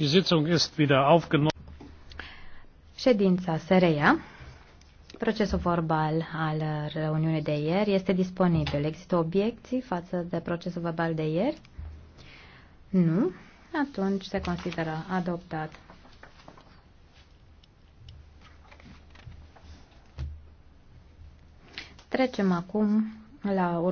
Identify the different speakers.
Speaker 1: Die Sitzung ist wieder aufgenommen.
Speaker 2: Ședința se reia. Procesul verbal al reuniunii de ieri este disponibil. Există obiecții față de procesul verbal de ieri? Nu. Atunci se consideră adoptat.
Speaker 3: Trecem acum la urmă.